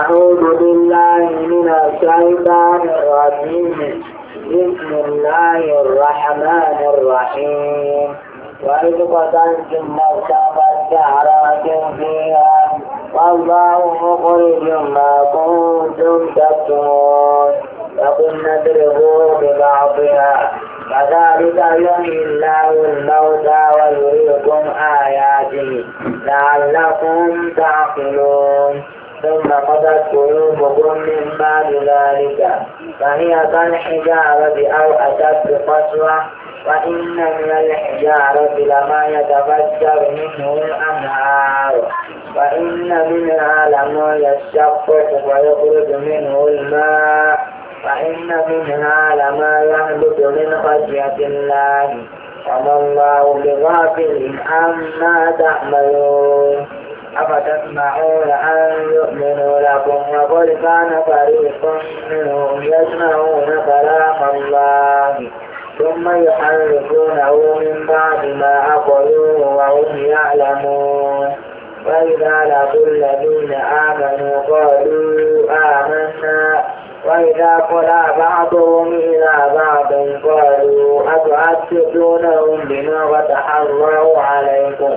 أعوذ بالله من الشيطان الرجيم بسم الله الرحمن الرحيم وإذ قتلتم نفسا فادعراتم فيها والله مخرج ما كنتم تكتمون فقلنا اضربوه ببعضها كذلك يحيي الله الموتى ويريكم آياته لعلكم تعقلون ثم قضت قلوبكم من بعد ذلك فهي كالحجارة أو أشد قسوة وإن من الحجارة لما يتفجر منه الأنهار وإن منها لما يشقق ويخرج منه الماء وإن منها لما يهبط من خشية الله وما الله بغافل عما تعملون أفتسمعون أن يؤمنوا لكم وقد كان فريق منهم يسمعون كلام الله ثم يحرفونه من بعد ما عقلوه وهم يعلمون وإذا لقوا الذين آمنوا قالوا آمنا وإذا قلى بعضهم إلى بعض قالوا أتعذبونهم بما وتحروا عليكم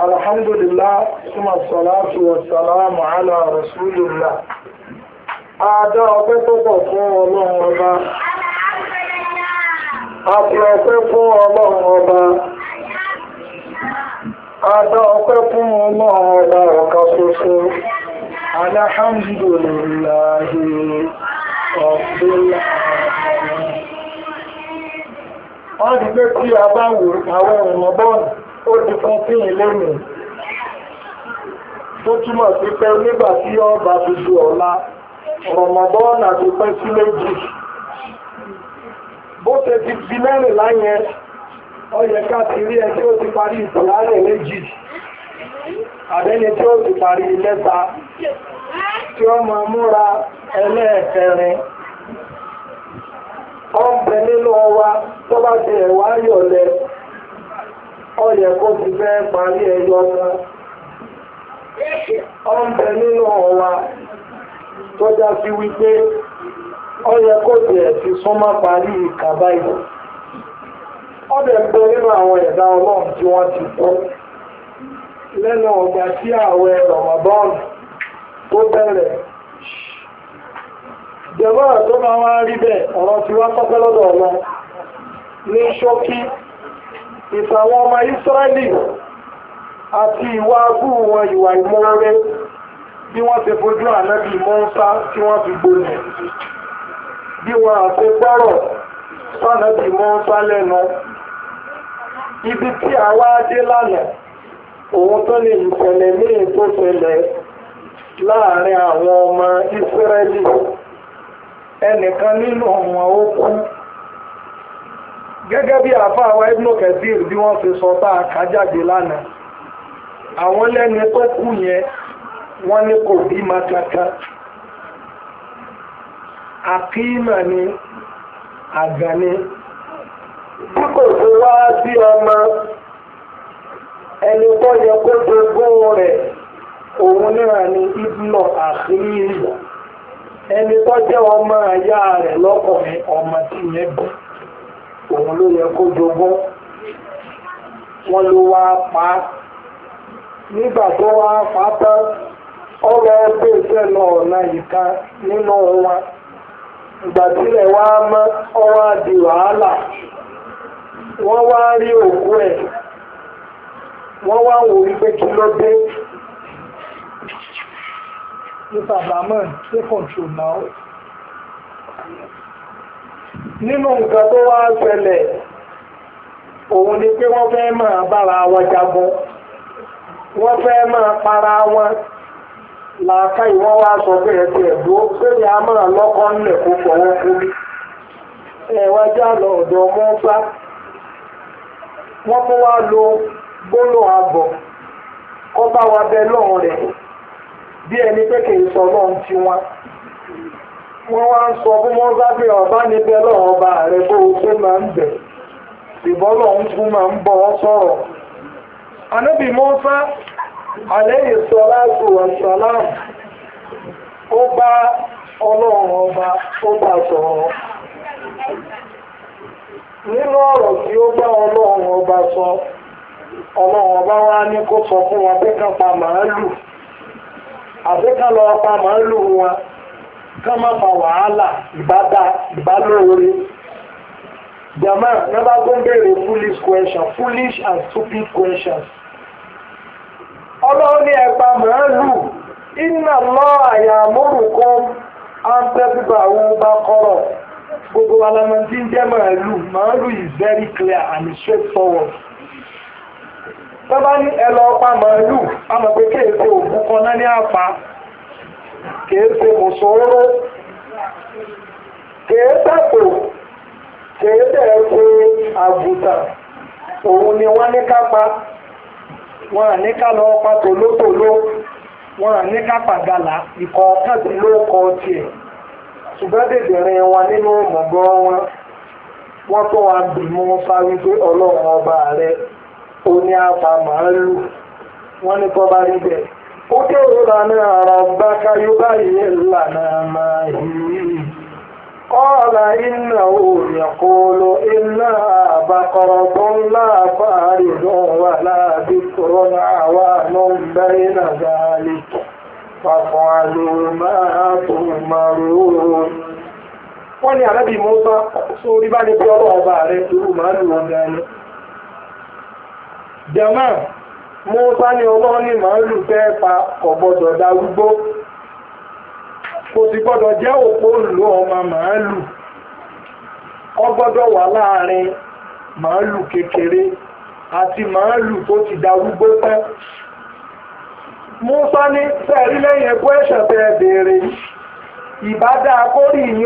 الحمد لله ثم الصلاة والسلام على رسول الله Adá ọpẹ́ púpọ̀ fún ọba. Àti ọpẹ́ fún ọlọ́run ọba. Adá ọpẹ́ fún ọlọ́run ọba ọ̀kan ṣoṣo. Alhamdulillahi Rabbil alamin. Wọ́n ti gbé tí ó di fourteen lónìí tó túmọ̀ sí pé nígbà tí ọba fi ọ̀la ti pẹ́ sí méjì bó ṣe ti di mẹ́rìnlá yẹn ó yẹ ẹ tí ó ti parí ìtìláyẹ̀ méjì àbẹ́ni tí ó tí ó ọwa tó bá ti ẹ̀wá yọ̀lẹ̀ ọyẹ kó ti fẹ́ parí ẹyọ kan nínú ọ̀wà tó já sí wípé ọyẹ kó ti ẹ̀ ti súnmọ́ parí ìkàbá ìlú ọbẹ̀ ń bẹ nínú àwọn ẹ̀dá ọlọ́run tí wọ́n ti kú lẹ́nu ọgbà tí tó bẹ̀rẹ̀ tó máa wá rí bẹ́ẹ̀ ọ̀rọ̀ wá pọ́pẹ́ lọ́dọ̀ ní ìtàwọn ọmọ Ísírẹ́lì àti ìwà agú wọn ìwà ìmọ̀ọ́rẹ́ bí wọ́n ti fojú ànábì mọ́ńsá tí wọ́n fi gbolẹ̀ bí wọn àti gbọ́rọ̀ sọ́nàbì mọ́ńsá lẹ́nu ibi tí àwa dé lánàá òun tó ní ìṣẹ̀lẹ̀ míì tó ṣẹlẹ̀ láàrin àwọn ọmọ Ísírẹ́lì ẹnìkan nínú wọn ó kú. gẹ́gẹ́ bí àfa awa Ibn Kathir bí wọ́n ṣe sọ tá lánàá àwọn lẹ́ni tó kú yẹn wọ́n ní kò bímọ kankan àkímà ni àgànni bí tó wá sí ọmọ ẹni tó yẹ kó rẹ̀ rẹ̀ ọmọ tí yẹn òun ló yẹ kó jogún wọ́n ló wá pa á nígbà tó wá pa tán ọgbẹ́ ọ̀nà ìka nínú wọn ìgbà tílẹ̀ wá mọ́ ọwọ́ di wàhálà wọ́n wá rí òkú ẹ̀ wọ́n wá wò wípé nínú nǹkan tó wá ṣẹlẹ̀ òun ni pé wọ́n fẹ́ máa bára wọn jagun wọ́n fẹ́ máa para wọn làákà ìwọ́n wá sọ pé ẹ̀ tiẹ̀ dúró a máa lọ́kọ́ nílẹ̀ kó fọwọ́ fún já lọ ọ̀dọ̀ mọ́fà wọ́n lo gbólò kọ́ bá wa bẹ lọ́rùn rẹ̀ bí ẹni pé wọ́n wá ń sọ fún mọ́sábì ọba níbẹ̀ lọ́wọ́ ọba rẹ̀ bó o ma máa ń bẹ̀ ìbọn lọ́hún tún máa ń bọ̀ ọ́ mọ́sá àlẹ́yìn wà sàlám ó bá ọlọ́run ọba ó bá sọ̀rọ̀. nínú ọ̀rọ̀ tí ó bá ọba sọ ọlọ́run ọba wá ní kó sọ fún wọn pé ká má fa wàhálà ìbádá ìbálòore jama never go béèrè foolish questions, foolish and stupid questions ọlọ́run ní ẹ̀pà màálù iná lọ àyà àmúrùkọ́ antẹ́bíbàwò bá kọ́rọ̀ gbogbo alamọ́tí ń jẹ́ màálù màálù is very clear and straightforward tọ́ba ní ẹ lọ pa màálù àmọ̀ pé kéèké òkú kan náà ní àpá. kìí ṣe mùsùlùmí kìí tàpò kìí bẹ̀rẹ̀ ṣe àbùtà òun ni wọ́n ní pa wọ́n ní ká lọ wọ́n ní ká pàgàlà ikọ̀ tiẹ̀ ṣùgbọ́n wọn nínú wọn wọ́n tó ọba rẹ̀ ó ní apá màálù wọ́n ní kọ́ bá oke لنا ربك يبين لنا ما هي قال إنه يقول إنها بقرة لا فارض ولا بكر عوان بين ذلك فافعلوا ما تؤمرون wọ́n ní àrẹ́bì mọ́sá sórí bá ní pé ọlọ́ rẹ̀ tó máa jama Mọ́sá ni ọlọ́run ní lù fẹ́ pa kò darúgbó. Kò sì gbọ́dọ̀ jẹ́ òpó lò ọmọ màálù. lù gbọ́dọ̀ wà láàrin màálù kékeré àti màálù tó ti darúgbó pẹ́. Mọ́sá ní sẹ́ẹ̀rí lẹ́yìn ẹ̀kọ́ ẹ̀ṣẹ̀ tẹ́ béèrè ìbádá akórìyìn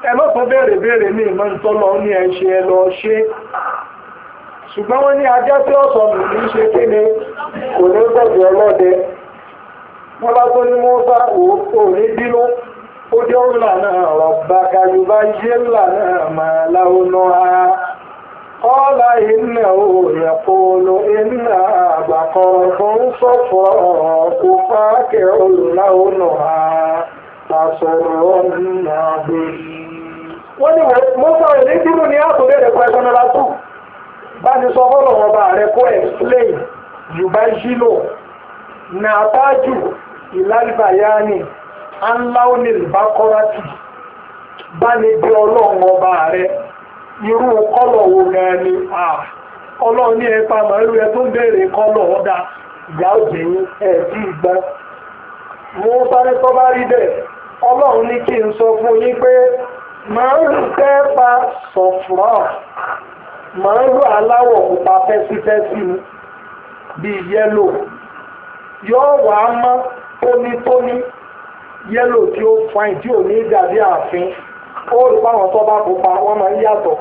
ẹ má sọ béèrè béèrè ní ìmọ̀ ntọ́lọ ní ẹ ṣe ẹ ṣe ṣùgbọ́n wọ́n ní ajá tí ó sọ ní ṣe kí ni kò ní gbọ́dọ̀ ọlọ́dẹ wọ́n bá tó ní mọ́sá ò ní bínú ó dé òun lànà ọ̀bá kayuba yé lànà wọ́n ní mọ́sá ní ní àtúndé rẹ̀ pẹ̀lú ọ̀nà tó bá ní sọ fọ́lọ̀ ọba rẹ̀ kó explain yorùbá jílò nàbájù ìlàlìbàyáni aláwọ̀nì bá ní bí ọlọ́run ọba rẹ̀ irú ni ọlọ́run ní kí n sọ màá ń tẹ́pa sọ̀fúnrọ̀ màá ń lo aláwọ̀ pupa fẹ́sífẹ́sí ni bíi yẹ́lò yóò wà á mọ́ tónítóní yẹ́lò tí ó fain tí ò ní dàbí ààfin ó rí báwọn tó bá pupa wọ́n máa ń yàtọ̀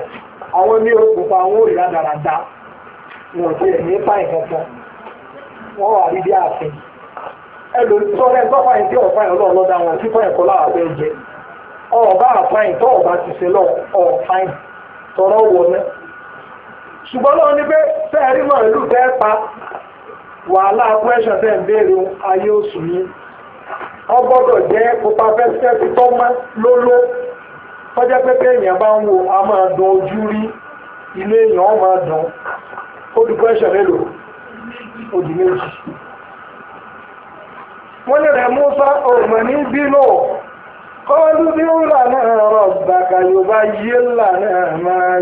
àwọn ní o pupa àwọn ò rí rádaràda wọn ti ẹ̀ ní fain kankan wọ́n wà rí bí ààfin ẹ lò sọ́rẹ́ tó fain tí ò fain ọlọ́ọ̀lọ́dà wọn tí fain kọ́ láwàá fẹ́ jẹ ọba àfáìn tó ọba ti ṣe lọ ọ̀fáìn tọrọ wọ náà ṣùgbọ́n lọ́wọ́ ní pé fẹ́ẹ̀rí mọ̀ ìlú fẹ́ pa wàhálà pẹ́ṣọ̀ tẹ̀ ń béèrè ayé oṣù yìí ọgbọ́dọ̀ jẹ́ pupa fẹ́sẹ̀fì tó mọ́ lóló tọ́jà pé pé èèyàn bá ń wo a máa dán ojú rí ilé èèyàn ó máa dán ó di pẹ́ṣọ̀ mélòó ó di méjì wọ́n lè rẹ̀ mú sá òmìnir bínú قالوا ادع لنا ربك يبين لنا ما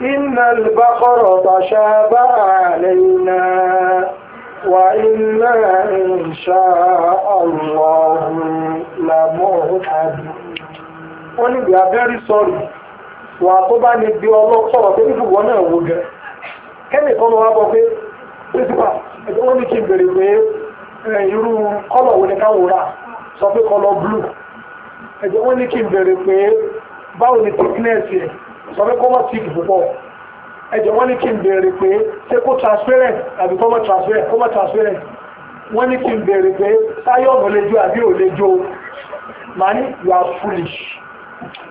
إن البقر تشابه علينا وإنا إن شاء الله لمهتدون wọ́n ní we are very sorry wà tó bá ní bí ọlọ́sọ̀rọ̀ tó ní fùwọ́ náà wò kan bọ́ pé ní kí n pé irú kọ́lọ̀ sọ pé kọlọ blue ẹ̀jẹ̀ wọ́n ní kí n bẹ̀rẹ̀ pé báwo ni thickness yẹ sọ pé kọ́mọ̀ thick púpọ̀ ẹ̀jẹ̀ wọ́n ní kí n bẹ̀rẹ̀ pé ṣé kó transparent àbí kọ́mọ̀ transparent kọ́mọ̀ transparent wọ́n ní kí n bẹ̀rẹ̀ pé táyọ̀ ọ̀nà lè jó àbí ò lè jó màá ní you are foolish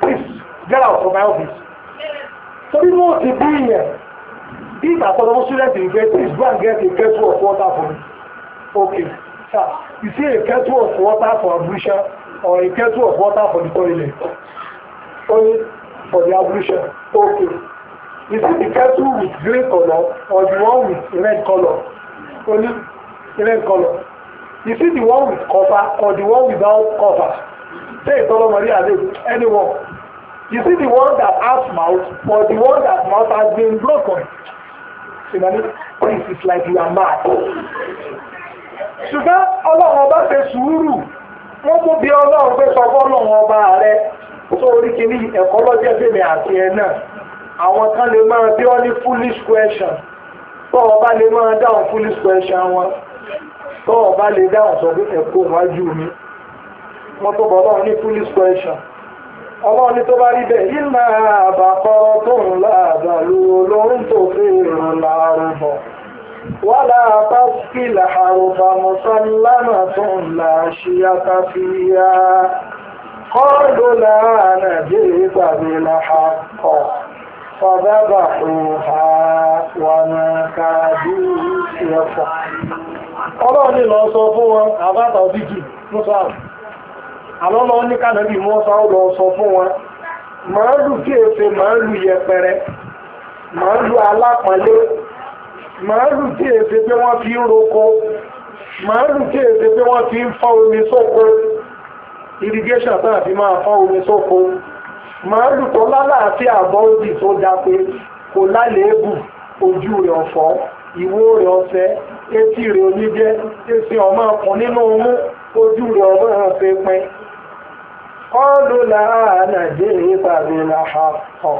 please get out of my office torí mo ti bí yẹn bí ìgbà kan ọmọ student ìgbẹ́ please go and get a kettle of water for me okay. You see a kettle of water for ablution or a kettle of water for the toilet. Only for the ablution. Okay. You see the kettle with green color or the one with red color. Only red color. You see the one with copper or the one without copper. Say Tolo Maria anyone. You see the one that has mouth or the one that mouth has been broken. You See, it's like you are mad ṣùgbọ́n ọlọ́run ọba ṣe sùúrù wọ́n tó bí ọlọ́run pé sọ fọ́lọ́run ọba rẹ tó orí kìíní ẹ̀kọ́ lọ́jẹ́ bèbè àti ẹ̀ náà àwọn kan lè máa bí ọ ní foolish question tó ọba lè máa dáhùn foolish question wọn tó ọba lè dáhùn sọ pé ẹ̀kọ́ wájú mi wọ́n tó bọ̀ ọlọ́run ní foolish question ọlọ́run ní tó bá rí bẹ́ẹ̀ ìlànà àbàkọ́ tó láàbà lu tó fèrè ràn láàrùn bọ̀. ولا تسقي الحرب مسلمة لا شية فيها قالوا لا نجيب بالحق فذبحوها وما كادوا يفعلون ọlọ́run sọ fún wọn àbáta àlọ́lọ́ ní kánàbí mọ́sáàrù lọ sọ fún wọn kí yẹpẹrẹ màálù rute èsè pé wọ́n fi ń roko màálù rute èsè pé wọ́n fi ń fá omi sóko irrigation tá fi máa fá omi sóko màálù tó lálàáfíà bọ́ọ̀dì tó dáa pé kò lálẹ́ẹ̀bù ojú rẹ̀ ọ̀fọ́ ìwó rẹ̀ ọ̀fẹ́ etí rẹ̀ oníjẹ́ èsì ọmọ ọkùn nínú ọmú ojú rẹ̀ ọmọ ọ̀fẹ́ pin kọ́ọ̀lù làánà dé ìpàdé ha ọ̀.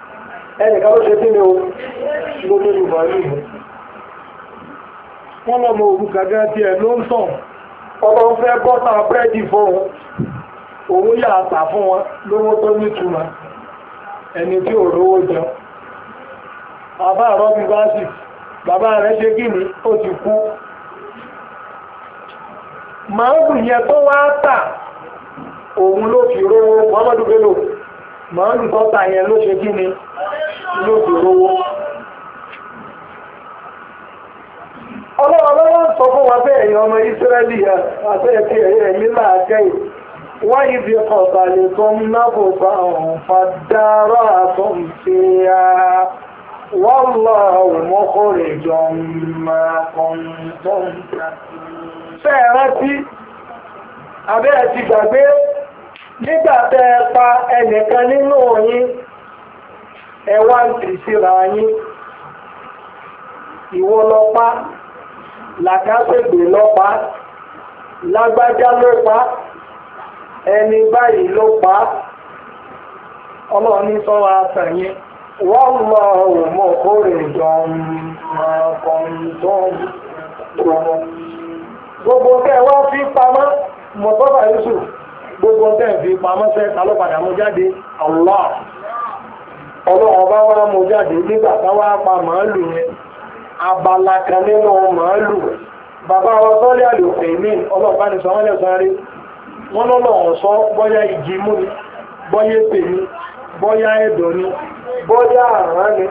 ẹnìkan ló ṣe kí ni o lórí olùbọ̀lù wọ́n lọ́mọ òrùka gẹ́gẹ́ bí ẹ̀ ló ń tàn ọmọ ń fẹ́ bọ́tà búrẹ́dì fún wọn òun yà àtà fún wọn lówó tó nítumọ̀ ẹni tí ò lówó jẹun bàbá rọ́bì báṣì bàbá rẹ̀ ṣe kí ni ó ti kú màálù yẹn tó wá tà òun ló fi rówó mọ́mọ́dún pélò màálù tó tà yẹn ló ṣe kí ni lóbi lówó. sọ fún wa bẹ́ẹ̀ ọmọ ìsírẹ́lì ẹ̀yẹ mi láàkẹ́ wọ́n yìí fi kọ̀ọ̀tà lè tó ń nábò bá ọ̀hún fàdárọ̀ àtúnfìyà wọ́n lọ òmùkúrè jọ máa kàn ẹwà wá ń ìwọ lọ́pá làkásẹ̀gbè lọ́pá lágbájá ló pa ẹni báyìí ló pa ọlọ́run ní sọ́wọ́ wọ́n lọ ọ̀rọ̀ mọ́ kórè jọun máa kọrin tó gbogbo tẹ́ wá fi pamọ́ mọ̀tọ́bà yusuf gbogbo fi pamọ́ padà jáde Allah. ọlọ́run bá wá mú jáde nígbà táwa pa màálù yẹn abala kan nínú màálù bàbá wọn sọ́lé àlòfẹ́ mi ọlọ́run bá ní sọ wọ́n lẹ̀ wọ́n lọ́lọ́run sọ bọ́yá ìjì mú ni bọ́yá èpè ni bọ́yá ẹ̀dọ̀ ni bọ́yá ni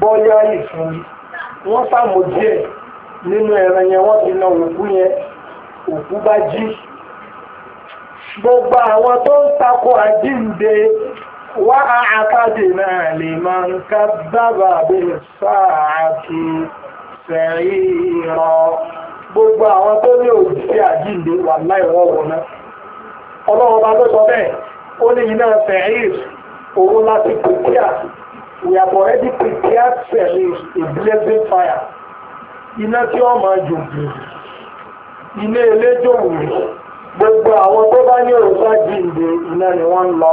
bọ́yá ìfún ni wọ́n sàmù díẹ̀ nínú yẹn wọ́n ti na òkú yẹn òkú bá jí gbogbo وأعتدنا لمن كذب بالساعة سعيرا gbogbo àwọn tó ní òjìṣẹ́ àjíǹde wà láì wọ́wọ́ náà ọlọ́run bá ló bẹ́ẹ̀ ó ní iná fẹ̀hìr òun láti prepare we have already prepared fẹ̀hìr a blazing fire iná tí wọ́n máa jò gbìyànjú iná eléjò wù gbogbo àwọn tó bá ní òjìṣẹ́ àjíǹde iná ni wọ́n lọ.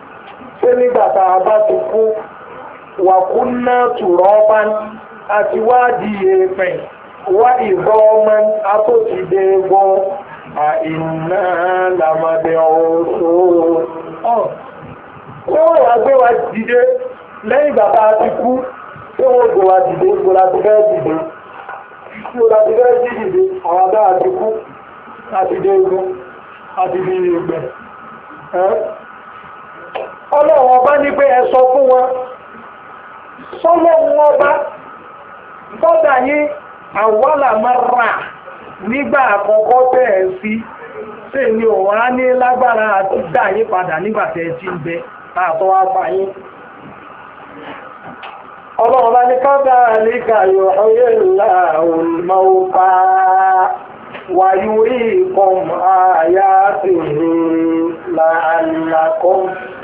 pé nígbà tá a bá ti kú wàkúnná tùrọ́bá àti wádìí èèpẹ̀ wá ìbọn ọmọ atótìdé gbọ́n àìná làmàdé ọ̀rọ̀ wọ́n wà gbé wa dìde lẹ́yìn bàbá ti kú tí wọ́n gbé wa dìde gbé la ti fẹ́ dìde tí o láti fẹ́ jí dìde àwọn àbá àti kú àti dé egun àti bí ìgbẹ́ ọlọ́run ọba ní pé ẹ sọ fún wọn sọlọ́run ọba bọ́dà yín nígbà àkọ́kọ́ tẹ̀ sí ni òun á ní lágbára àti dá yín padà nígbà tẹ̀ ti ń bẹ àtọ́ apá ní àyà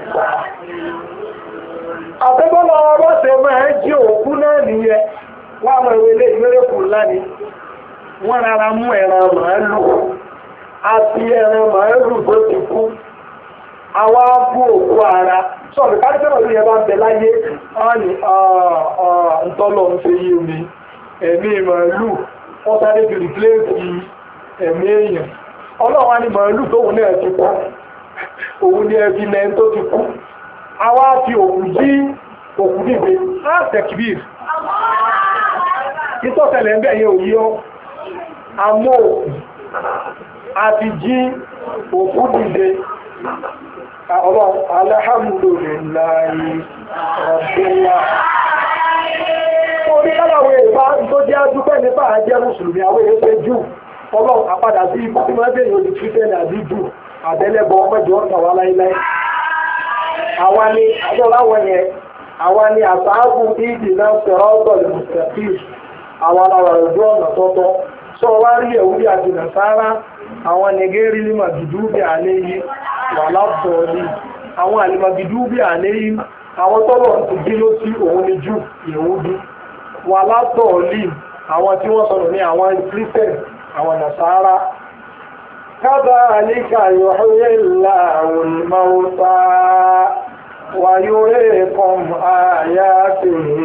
àtẹ́gbọ́nà ọlọ́sẹ̀ máa ń jí òkú náà ihe, nwa àwọn ìwé ilé ìmẹ́rẹ́kù ńlá ni wọ́n a ti kú àwọn abú ara sọ̀rọ̀ kájọ́rọ̀ ló yẹ bá ń bẹ láyé wọ́n ní ntọ́lọ̀ ń ṣe yí omi ẹ̀mí màálù òun ni ẹbí lẹ́yìn tó ti kú àwa fi òkú yí òkú dìde áàtẹ̀kìbìr ìtọ́sẹ̀lẹ̀ ń bẹ̀yẹ òyí ọ́ àmọ́ òkú àti jí òkú dìde ọ̀rọ̀ alhamdulillahi ọ̀bẹ̀lá orí lọ́wọ́ ìbá tó jẹ́ adúpẹ́ nípa àjẹ́ mùsùlùmí àwọn èèyàn jù ọlọ́run àpadà sí ibùdó máa ń bẹ̀yẹ̀ òdì kìrìtẹ́nì àbí jù àbẹ́lẹ́bọ mẹ́jọ ọ̀tà wa láíláí àwa ni adọ́láwọ̀ yẹn àwa ni àtàkù ìdì náà sọ̀rọ̀ ọ̀tọ̀ ìmùsùlùmí àwa làwà ojú ọ̀nà tọ́tọ́ sọ wá rí ẹ̀wúrí àti nàṣàrà àwọn nìgérí ní màdùdúbì àléyí wà lápọ̀ọ́lì àwọn àlìmàdùdúbì àléyí àwọn tọ́lọ̀ ti bínú sí òun ni jù yẹ̀wúdí wà lápọ̀ọ́lì àwọn tí wọ́n sọ̀rọ̀ ní àwọn christian àwọn nàṣàrà كذلك يحيي الله الموتى ويريكم آياته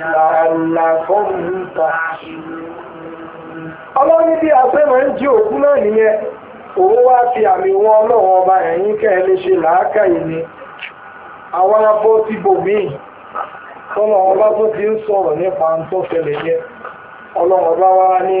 لعلكم تحشرون ọlọ́run ní bí àfẹ́mọ̀ ń jí òkú náà àmì wọn ọlọ́run ọba ẹ̀yìn kẹ́ẹ̀lẹ́ ṣe ni àwọn abọ́ tó ti ń sọ̀rọ̀ nípa tó yẹn ọba wá ní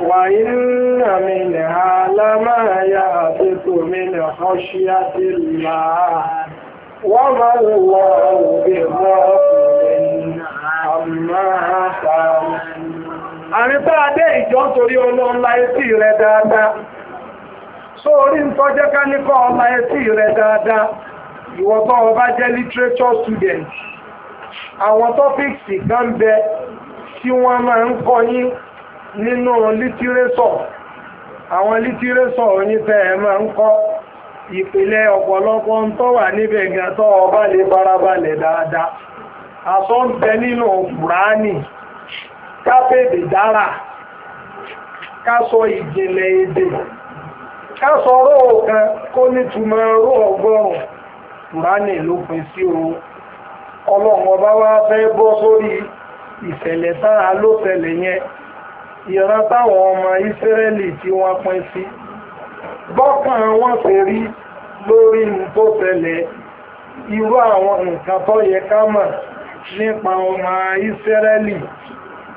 وإن منها لما nà من خشية الله وما الله بغافل عما تعملون àrin bá adé ìjọ ń torí ọlọ́ọ̀lá etí rẹ̀ dáadáa só orí ń tọ́jẹ́ ká etí rẹ̀ dáadáa tó bá jẹ́ literature student àwọn bẹ tí wọ́n máa ń nínú lítírésọ̀ àwọn lítírésọ̀ onífẹ́ ẹ̀ máa ń kọ́ ìpìlẹ̀ ọ̀pọ̀lọpọ̀ ń tọ́ wà níbẹ̀ gan ọba lè farabalẹ̀ dáadáa àsọ ń tẹ nínú Kùránì kápèdè dára kásọ ìjìnlẹ̀ èdè ìṣẹ̀lẹ̀ ló yẹn ìran táwọn ọmọ ìsírẹ́lì tí wọ́n pín sí bọ́kàn wọn ṣe rí lórí tó ṣẹlẹ̀ irú àwọn nǹkan tó yẹ ká mọ̀ nípa ọmọ ìsírẹ́lì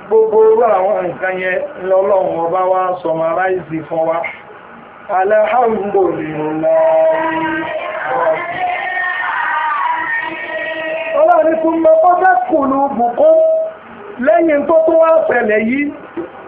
gbogbo orú àwọn nǹkan yẹn lọ́lọ́run ọba wa sọmaráìsì fún wa alhamdulilayi ọlọ́run tún mọ́ kọ́kẹ́ kùlù bùkún lẹ́yìn tó tó wá ṣẹlẹ̀ yìí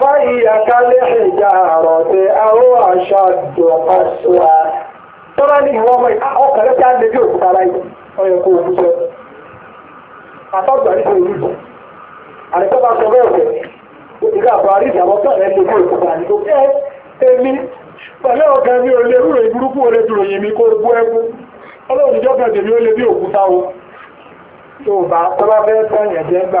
فهي كالحجارة أو أشد قسوة tọ́lá ní tí a lè bí òkúta láyé ọyọ kó òkú jẹ àtọ́gbà ní kò rí jù àrẹ́tọ́ bá sọ bẹ́ẹ̀ bẹ́ẹ̀ ìgbà àbọ̀ àríjì tó rẹ̀ lè òkúta ní kò kẹ́ èmi pẹ̀lú ọ̀gá mi ò lè rúrò yìí mi kó ẹkú ọlọ́run ìjọba lè bí òkúta o tó bá tọ́lá jẹ́ gbà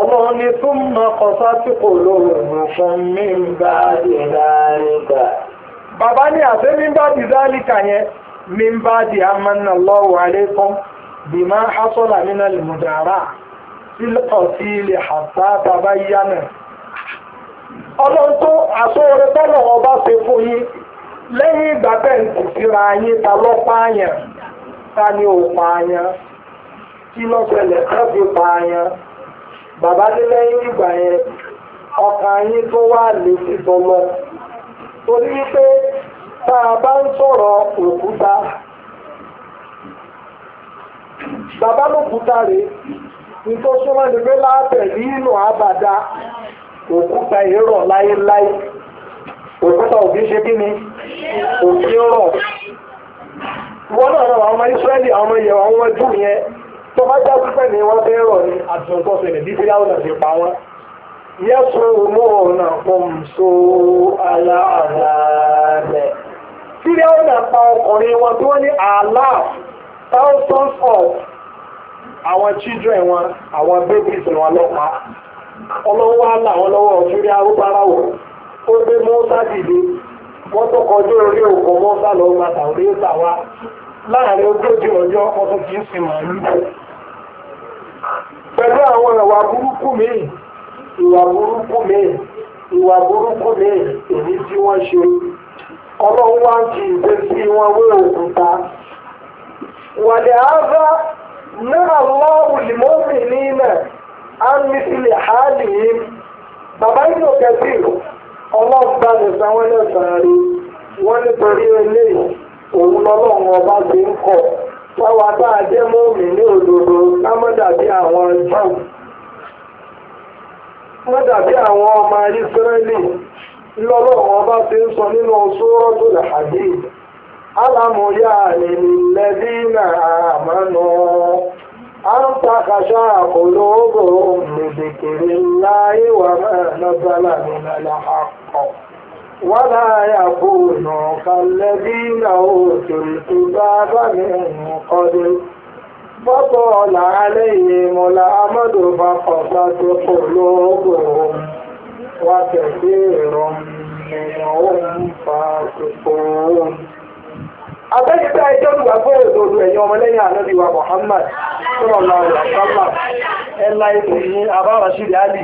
ọlọ́run ní tó mọ kọsá tí kò lóòrùn fún mi ń bàbá ní àṣẹ mi ń yẹn mi ń amánà lọ́wọ́ àlékún bìmá hásọ́là nínú lèmùdàrà tí ọ̀sí ilé àṣà bàbá náà. ọlọ́run tó tọ́lọ̀ ọba ṣe fún yín lẹ́yìn ìgbà bẹ́ẹ̀ ń kù síra ta pààyàn ta ni bàbá ní lẹ́yìn ìgbà yẹn ọkàn yín tó wà létí tó lọ torí wípé tá a bá ń sọ̀rọ̀ òkúta bàbá lòkúta rèé nítorí sọ́mọ́ ni pé láàbẹ̀lì inú àbàdá òkúta èrò láéláé òkúta òbí ṣe kí ni òbí rọ̀ wọ́n náà rọ̀ àwọn ọmọ Ísírẹ́lì àwọn ọmọ ìyẹ̀wò àwọn ọmọ ẹjú yẹn tó bá já pípẹ́ ní wọ́n fẹ́ rọ̀ ní àtúntò ṣẹlẹ̀ bí fíláwọ́ náà ti pa wọ́n. yẹ́sùn òmùọ̀nà kọ̀mùsọ aláàbẹ̀. fíláwọ́ náà pa ọkùnrin wọn tí wọ́n ní àlàá thousands of àwọn children wọn àwọn babies wọn lọ́pàá ọlọ́wọ́ àlàwọn lọ́wọ́ fílẹ̀ arúgbáráwò ó gbé mọ́sá dìde wọ́n tó kọjú orí òkò mọ́sá lọ́wọ́ àtàwọn ilé ìtàwá láàrin ogójì ọjọ́ ọdún kìí sin màálù pẹ̀lú àwọn ìwà burúkú míì ìwà burúkú míì ìwà burúkú míì èyí tí wọ́n ṣe ọlọ́run wá ń kí ìgbé sí wọn wé òkúta wàlẹ̀ áza náà lọ́wọ́ lìmọ́mì nínà yìí bàbá yìí ò kẹsì ọlọ́run lè sanwó lẹ́sàn-án rí ọba gbé ń Wáwá bá mú mi ní òdòdó lámọ́dàbí àwọn jù. Mọ́dàbí àwọn ọmọ Ísírẹ́lì lọ́lọ́wọ́ bá ti ń sọ nínú Suratul Hadid. Alámúyá lẹ́lẹ́dínà àmánú. A ń takàṣá àkòlóògùn lèdèkèrè láyé wà máa nọ́gbálà nínú àlàkọ̀. ولا يكون كالذين أوتوا الكتاب من قبل فطال عليهم الأمد فقست قلوبهم وكثير منهم فاسقون abẹ́yẹ̀dá ẹjọ́ ìgbàgbọ́ òdòdó ẹ̀yìn ọmọlẹ́yìn ànábì wa Muhammad sọ́rọ̀lá ọ̀sánmà ẹ̀là ìpò ní abárasílẹ̀ alì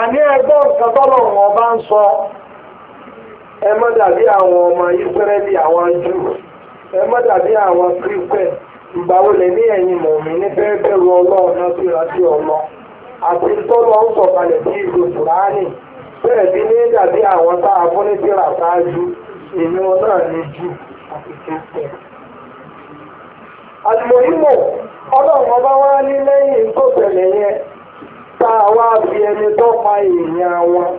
àní ẹgbọ́n kan tọ́lọ̀ wọn bá ń sọ ẹ má dàbí àwọn ọmọ Ísírẹ́lì àwọn jù ẹ má dàbí àwọn kírípẹ́ ìgbàwo lè ní ẹ̀yin mọ̀mí ní fẹ́ẹ́ bẹ̀rù ọlọ́run náà sí ìrántí àti ń sọ̀kalẹ̀ sí ìlú bẹ́ẹ̀ bí ní dàbí àwọn tá a fún ní tíra ṣáájú ìlú náà ní jù àti kírípẹ́. ọlọ́run ọba wá ní lẹ́yìn tó yẹn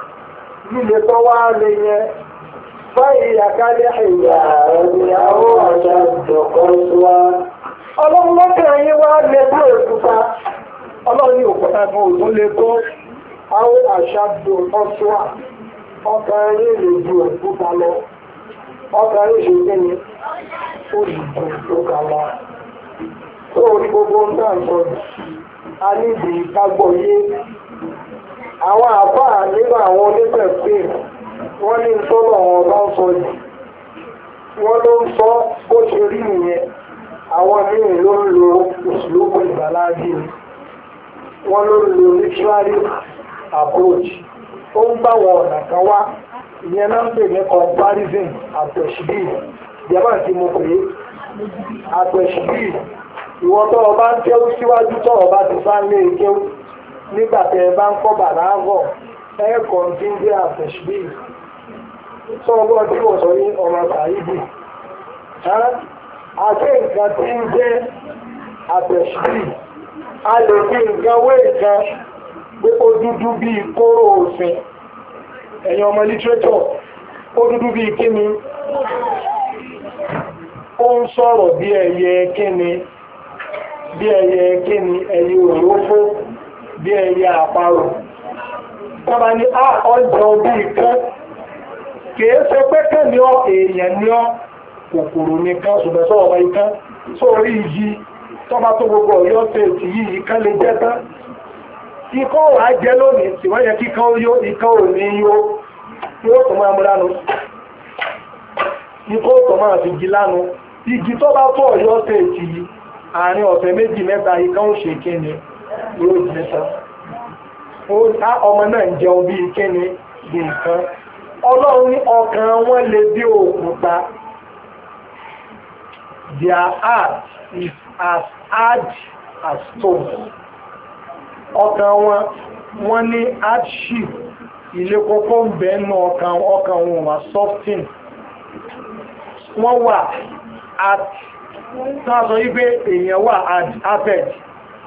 líle tó wá lè yẹn báyìí àkálẹ̀ ìyá ìyàwó àṣà ìjọkọ̀ ìṣúwá. ọlọ́run lọ́kàn yín wá lè òkúta ọlọ́run ní òkúta kan òtún lè tó àwọn àṣà ìjọkọ̀ ọkàn yín lè ju òkúta lọ ọkàn yín ṣe ni gbogbo ń dá a ìkágbọ̀ yé. àwọn àfáà nínú àwọn onítẹ̀sí wọ́n ní sọ́nà wọn bá ń sọ yìí wọ́n ló ń sọ bó ṣe rí nìyẹn àwọn míì ló ń lo ìṣòlókò ìbàlájì wọ́n ló ń lo literary approach ó ń bá wọn ọ̀nà kan wá ìyẹn náà ń pè ní comparison àtẹ̀síbí ìjọba tí mo pè é àtẹ̀síbí ìwọ́n tó o bá ń kéwú síwájú tó o bá ti sá e kéwú nígbà tẹ ẹ bá ń kọ́ bàlágọ̀ ẹ kàn tí ń jẹ́ àtẹ̀síbí sọ ọgbọ́n tí wọ́n sọ ní ọmọ sàáìdì àti nǹkan tí ń jẹ́ àtẹ̀síbí a lè fi nǹkan wé nǹkan pé ó dúdú bíi kóró òfin ẹ̀yin ọmọ lítírẹ́tọ̀ ó dúdú bíi kíni ó ń sọ̀rọ̀ bí ẹyẹ kíni bí ẹyẹ kíni ẹyẹ òyòfó bí ẹyẹ àparò tọ́ba ni a ah, ọjọ́ bí ikán kìí ṣe pé kẹ́ni ọ èèyàn ni ọ kòkòrò nìkan ṣùgbọ́n sọ ọmọ ikán sórí iyì tọ́ba tó gbogbo ọ̀yọ́ tèèkì yìí ikán lè jẹ́ tán ikọ́ wà á jẹ lónìí tí wọ́n yẹ kíkọ́ yó ikọ́ ò ní yó yóò jẹ tán ọmọ náà jẹun bíi kíni bí nǹkan ọlọ́run ní ọkàn wọn lè bí òkúta their heart is as hard as stone ọkàn wọn wọn ní hardship ilé kókó ń bẹ nínú ọkàn ọkàn wọn wà softening wọn wà at tí wọn sọ wípé èèyàn wà at harvest.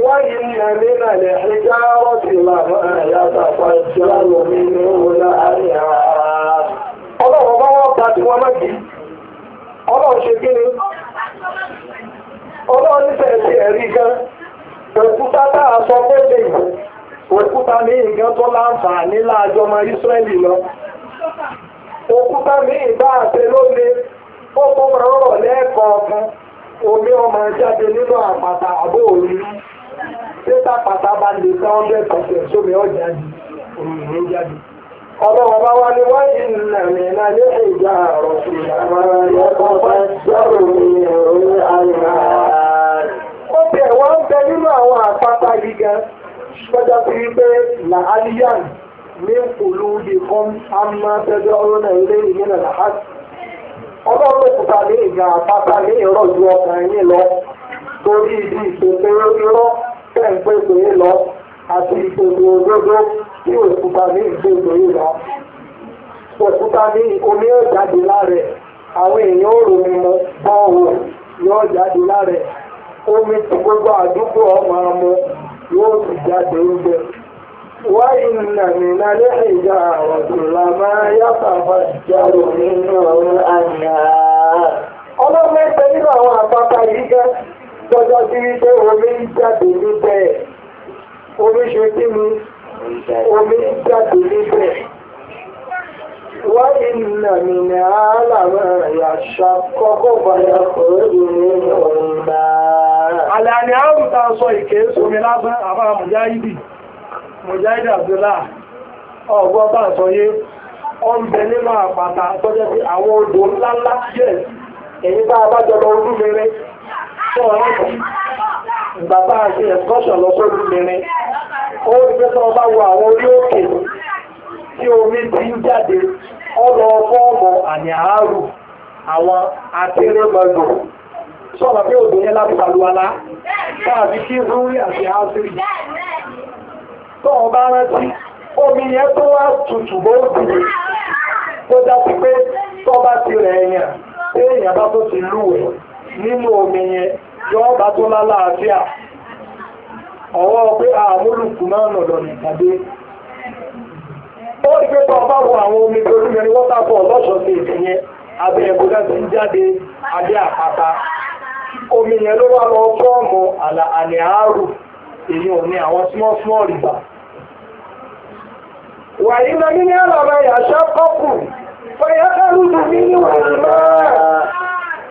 وإن من الحجارة لما يتفجر منه الأنهار ọlọ́run bá wọ́n bá tí wọ́n má jì ọlọ́run ṣe kí ni ọlọ́run nífẹ̀ẹ́ sí ẹ̀rí gan òkúta tá sọ pé lè òkúta ní tó lọ òkúta ní ìbá ó máa rọ̀ lẹ́ẹ̀kọ̀ọ̀kan omi ọmọ jáde nínú títà pàtà bá lè ká hundred percent sómi ọjà di òmìnira jáde. Ọlọ́run bá wá ní wọ́n yìí nà mí náà ní ìjà àrùn ìyàwó ẹ̀kọ́ fẹ́ sọ̀rọ̀ mi òun àyà. Ó bẹ̀ wọ́n ń bẹ nínú àwọn àpáta gíga gan. ti rí pé là ní Tẹ́jọ́ ọ̀rọ̀ náà ilé ìgbé náà Ọlọ́run lọ. torí ibi ìṣòfò irọ́ tẹ̀ ń lọ àti ìṣòfò òdodo tí ní yìí ní omi yóò jáde lára àwọn èèyàn ò rò mímọ yóò jáde omi tí gbogbo àdúgbò ọmọ ọmọ yóò sì jáde oúnjẹ. ẹgbẹ́ nínú àwọn àpáta yìí tọ́jọ́ sí wípé omi ń jáde níbẹ̀ omi ṣe kí ni omi ń jáde níbẹ̀ wọ́n ìnà mìnà àálàmọ́ ìyàṣà kọ́kọ́ bàyà kòròdì ní ọ̀nà àlàní àrùn ta sọ ìkèé sómi lábẹ́ àbá mùjáìdì mùjáìdì àbdùlá ọgbọ́n bá sọ yé ọ̀nbẹ nínú àpáta tọ́jọ́ sí àwọn odò ńláńlá yẹ̀ èyí bá abájọba olúmẹrẹ fún ọ̀rọ̀ bàbá àti ẹ̀kọ́ṣọ̀ lọ sórí ó rí pé bá wo àwọn orí òkè ti ń jáde ó lọ fọ́ọ̀mù àmì àárù àwọn akérèmọdò sọ̀rọ̀ pé òdò láti ṣàlùwalá káàbí kí rúrí àti áṣírí tó rántí omi yẹn tó wá yọ́ bá tó lálàáfíà ọwọ́ pé àmúlùkù máa nà lọ ó rí pé tọ́ bá àwọn omi tó rí mẹ́rin wọ́tàpọ̀ lọ́sọ̀ọ́ sí ìtẹ̀yẹ abẹ́ ẹ̀kọ́ ń jáde abẹ́ àpáta omi yẹn ló wá lọ fọ́ọ̀mù àlà àní àárù èyí ò ní àwọn small small rìbà wàyí na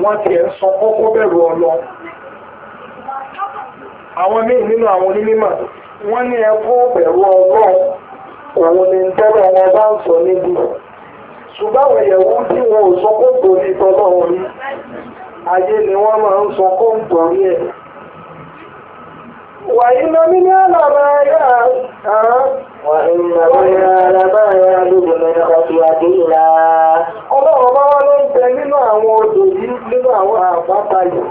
wọ́n ti ẹ̀ ń sọ kọ́kọ́ bẹ̀rù ọlọ àwọn míì nínú àwọn onímọ̀ wọ́n ní ẹkọ́ bẹ̀rù ọlọ òun ni tọ́lọ̀ wọn bá ń sọ níbi ṣùgbọ́n àwọn ẹ̀yẹ̀wò tí wọn ò sọ kó torí tọ́lọ̀ wọn ayé ni wọ́n máa ń sọ kó ń ẹ̀ وإن منها لما وإن منها لما يعبد من خشية الله ọlọ́run bá wá ló ń bẹ nínú àwọn odò yìí nínú àwọn àpáta yìí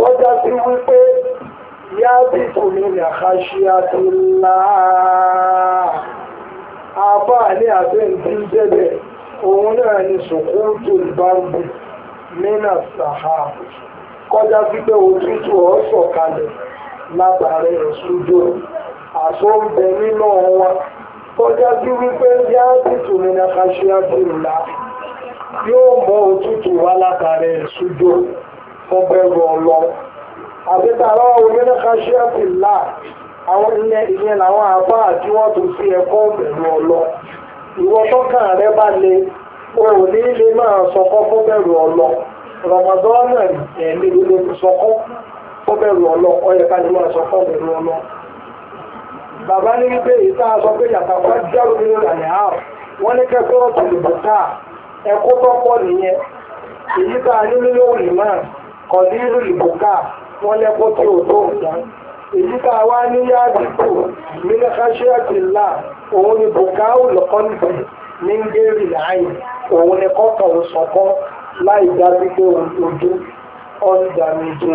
wọ́n já sí wípé yá bìtù ní tó láàá àbá ni sùkúrùtù ìbámu mínà sàhà kọjá sí pé òtútù ọ̀sọ̀ kalẹ̀ látàrí ìṣújó àsóúnjẹ nínú wa kọjá sí wípé yá títù ní nàkàṣí àtìrìlá yóò mọ òtútù wá látàrí ìṣújó fọ́bẹ̀rù ọlọ àbítàrà onínàkàṣí àtìrìlá àwọn ilé ìyẹn làwọn àbá àti wọ́n tó fi ẹ̀kọ́ bẹ̀rù ọlọ ìwọ tọ́kàn rẹ bá le o ò ní lè máa sọkọ́ fọ́bẹ̀rù ọlọ rọmọdọ́nà ẹ̀mí ló lè sọkọ́ kó bẹ̀rù ọlọ́ ọyẹ ká nínú aṣọ kọ́ bẹ̀rù ọlọ́ bàbá ní wípé ìta aṣọ pé yàtà kọ́ jẹ́rù nínú ìlànà àrùn wọ́n ní kẹ́kẹ́ ọ̀tún lè bọ̀ káà ẹ̀kọ́ tó pọ̀ nìyẹn èyí tá a ní nínú ìmọ̀ kọ̀ ní ìlú ìbò káà wọ́n lẹ́kọ́ tí ò tó nǹkan èyí tá a wá ní yáàdìkù mílẹ́káṣíọ́tì ńlá òun ni bùkáù lọ́kọ́nìbẹ̀ ní gẹ́rì láàyè òun ni kọ́kàn òṣọ̀kan láì dá wípé ojú ọ̀dà méje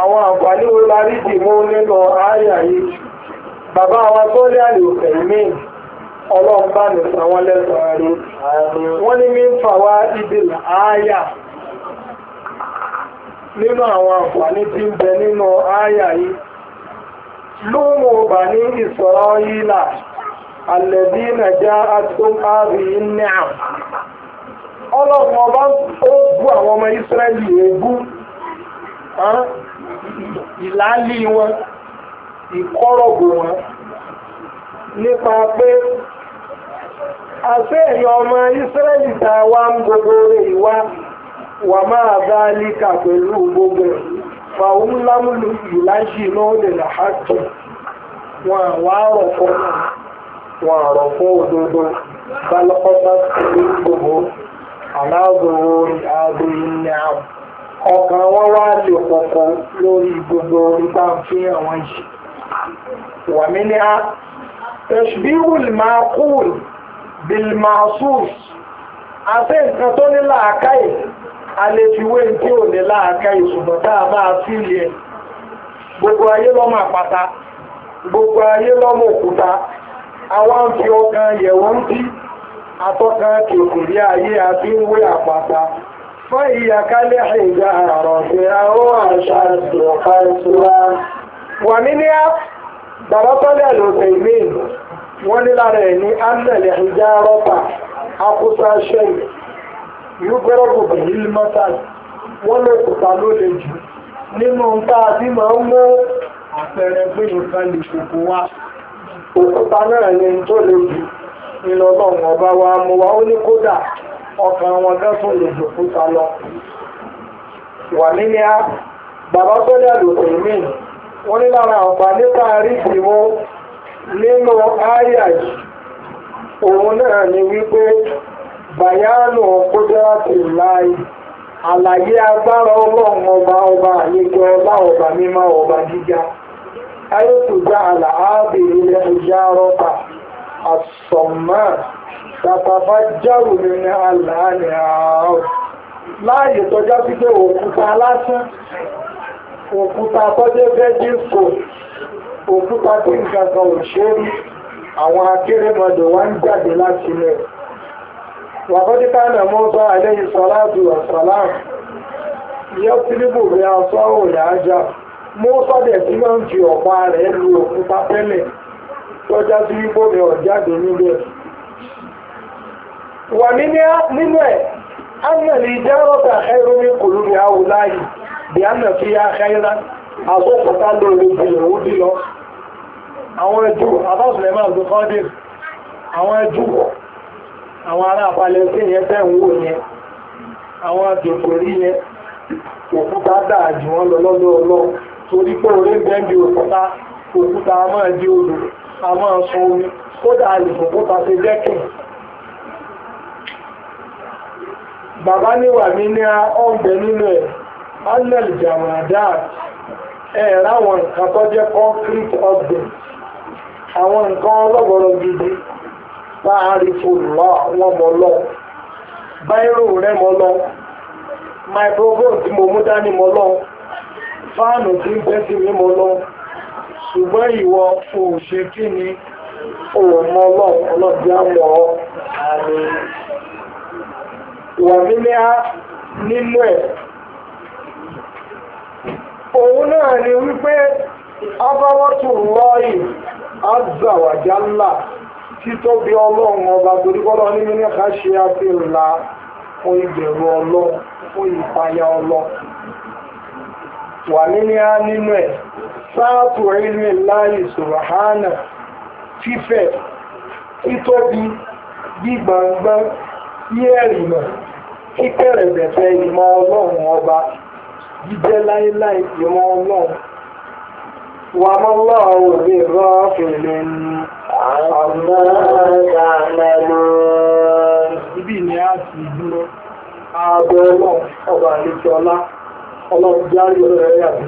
àwọn àǹfààní wo la nínú àyà bàbá wa tó lé àlè ní sàwọn lẹ́sàn rí wọ́n ni mí ń fà wá ibi àyà nínú àwọn àǹfààní tí ń bẹ nínú àyà lóòmù bà ní ìsọ̀rọ̀ àtúnkárí ó bú àwọn ọmọ ìsírẹ́lì ìlàálí wọn ìkọ́rọ̀bù wọn nípa pé àṣẹ ẹ̀yàn ọmọ Ísírẹ́lì ta a wá ń gbogbo rẹ̀ wá wà máa bá líkà pẹ̀lú gbogbo ẹ̀ lámúlù ìlàjì náà lè wọn àwọ̀ àrọ̀fọ́ wọn àrọ̀fọ́ òdodo balọ́pọ́pá gbogbo ọkàn wọn wá lè kọ̀ọ̀kan lórí gbogbo ipá fi àwọn yìí wàmí ní a tashbihul maqul bil mahsus àti nǹkan tó ní làákàyè àlefiwé tí ò ní làákàyè ṣùgbọ́n tá a máa fi lè gbogbo ayé lọ́mọ àpáta gbogbo ayé lọ́mọ òkúta àwa ń fi ọkàn yẹ̀wò ń atọ́kàn kìkùrí ayé àti ń wé àpáta فهي كالحجارة أو أشد قسوة ومنها ضرب العثيمين وللعلم أن الحجارة أقصى شيء يضرب به المثل ولوكùtà ló a ti máa ń mú àpẹẹrẹ pé nǹkan lè kòkó wá ọkàn wọn gán tó lè lọ wà nílé á bàbá tó ní àdòkò mí wọ́n ní lára àǹfààní nípa a nínú áyà yìí náà ni wípé bàyánù kódẹ́rátì láì àlàyé agbára ọlọ́run ọba ọba àlejò ọba ọba mímọ́ ọba gíga ayé tó gbá rọ́pà àsọ̀mọ́ tàbàbá járù nínú àlàáni àárọ̀ láàyè tọ́já sí pé òkúta lásán òkúta tọ́jẹ́ virgin gold òkúta tí nǹkan kan ò ṣe rí àwọn akérèmọdò wá ń jáde láti ilẹ̀ wàkọ́díkà náà mọ́ sọ àlẹ́yìn sọ́láàtù ọ̀sọ̀láàmù yẹ́ tìrìbù rẹ̀ aṣọ́ òyà ájá mọ́ sọ́dẹ̀ tí wọ́n fi ọ̀pá rẹ̀ lu òkúta tẹ́lẹ̀ tọ́já sí wípó mi ọ̀ jáde níbẹ̀. wà nínú ẹ̀ ánàlì ìjárọ̀ta ẹrú ní kòlú ní àwò láàyè bí ánà fi ya ṣáírá àsọ́kọ̀tà lórí ìbìlẹ̀ ó dì lọ. àwọn ẹjú abáṣẹ̀lẹ̀ máa gbé kọ́ndé àwọn ẹjú àwọn ará àpalẹ̀ sí yẹn tẹ́ ń wò yẹn àwọn àgbègbèrí yẹn òkúta dáa jù wọ́n a máa sọ omi kódà a lè fòkó ta ṣe bàbá níwà mí ní ọ̀gbẹ́ nínú ẹ̀ anel jamadat ẹ̀ ráwọn nǹkan tó jẹ́ concrete update àwọn nǹkan ọlọ́gbọ̀rọ̀ gidi láàárín fòlùwà wọn mọ lọ báírò rẹ mọ lọ microphone tí mo mú dání mọ lọ fáànù tí ń bẹ́ sí mi mọ̀ lọ. ṣùgbọ́n ìwọ òṣè kí ni òmọ ọlọ́run wà nínú ẹ̀ òun náà ni wípé abáwọ́tò lọ́ọ̀yì azàwàjálà títóbi ọlọ́run ọba torí bọ́lọ́ ní ká ṣe àti ńlá fún ìbẹ̀rù fún ìpayà wà nínú ẹ̀ sáàtù ilmi láyé sùràhánà fífẹ̀ títóbi gbígbàngbọ́n yẹ́rìmọ̀ kíkẹ̀rẹ̀bẹ̀fẹ̀ ìmọ̀ ọlọ́run ọba jíjẹ́ láéláé ìmọ̀ ọlọ́run wà mọ́lá òwe rọ́ọ̀fẹ̀lẹ̀ ni ibi ni a ti ọlọ́run járí ọ̀rọ̀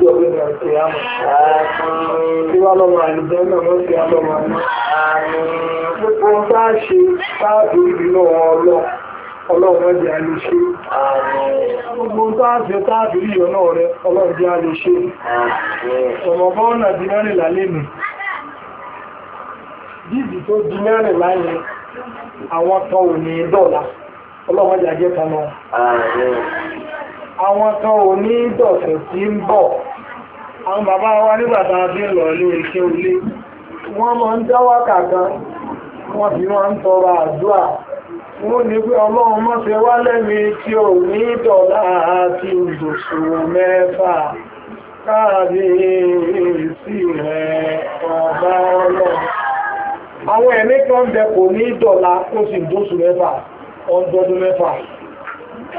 Gbogbo bá jẹ́ a lè ṣe. Gbogbo tá ọlọ́run jẹ́ ọ̀nà di tó di àwọn tọ́ Ọlọ́run àwọn kan ò ní ìdọ̀sẹ̀ tí ń bọ̀ àwọn bàbá wa nígbàtà bí lọ ilé iṣẹ́ ilé wọ́n máa ń dáwà kàkan wọ́n fi máa ń tọrọ àdúrà wọ́n ní pé ọlọ́run má ṣe wá lẹ́mi tí ò ní ìdọ̀lá àti ìdòṣù mẹ́fà káàdé sí rẹ̀ ọ̀bá ọlọ́run àwọn ẹ̀mí kan bẹ kò ní ìdọ̀lá ó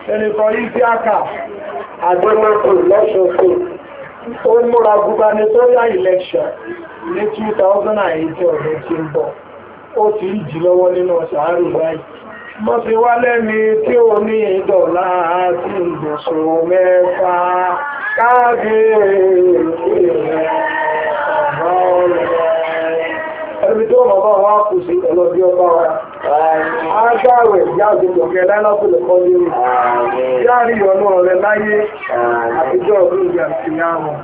ẹnìkan yìí tí a kà àdéhùn lọ́sọ̀ọ̀sọ̀ ó múra gubernatorial election ní 2008 ọ̀dọ̀ tí ń bọ̀ ó ti ń jì lọ́wọ́ nínú sàárù báyìí mo ti wá lẹ́ni tí ó ní ìdọ̀lá àti ìgbésùn mẹ́fà káàkiri ẹ̀rọ ẹ̀rọ ẹ̀rọ ọba Agbáwẹ̀ yá òjòjò kẹ láìlọ́pùlù kọ́ lórí. Yá rí ọ̀nà ọ̀rẹ́ láyé àtijọ́ ọdún ìgbà ti yá wọn.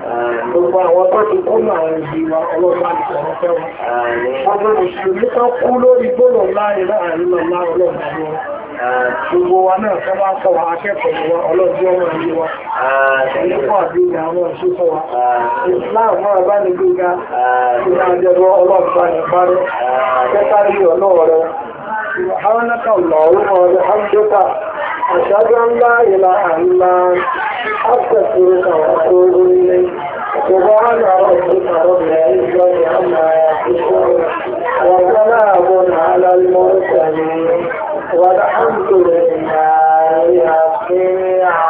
Gbogbo àwọn tó ti kú ní àwọn wa ọlọ́pàá ti sọ̀rọ̀ fẹ́ wọn. kú lórí láàrin ọlọ́pàá wọn. Gbogbo wa náà fẹ́ akẹ́kọ̀ọ́ wa wa. Ìlúkọ̀ àbí àwọn wa. Ìsìláàmù bá ní سبحانك اللهم وبحمدك أشهد أن لا إله إلا أنت أستغفرك وأتوب إليك سبحان ربك رب العزة عما يصفون وسلام على المرسلين والحمد لله رب العالمين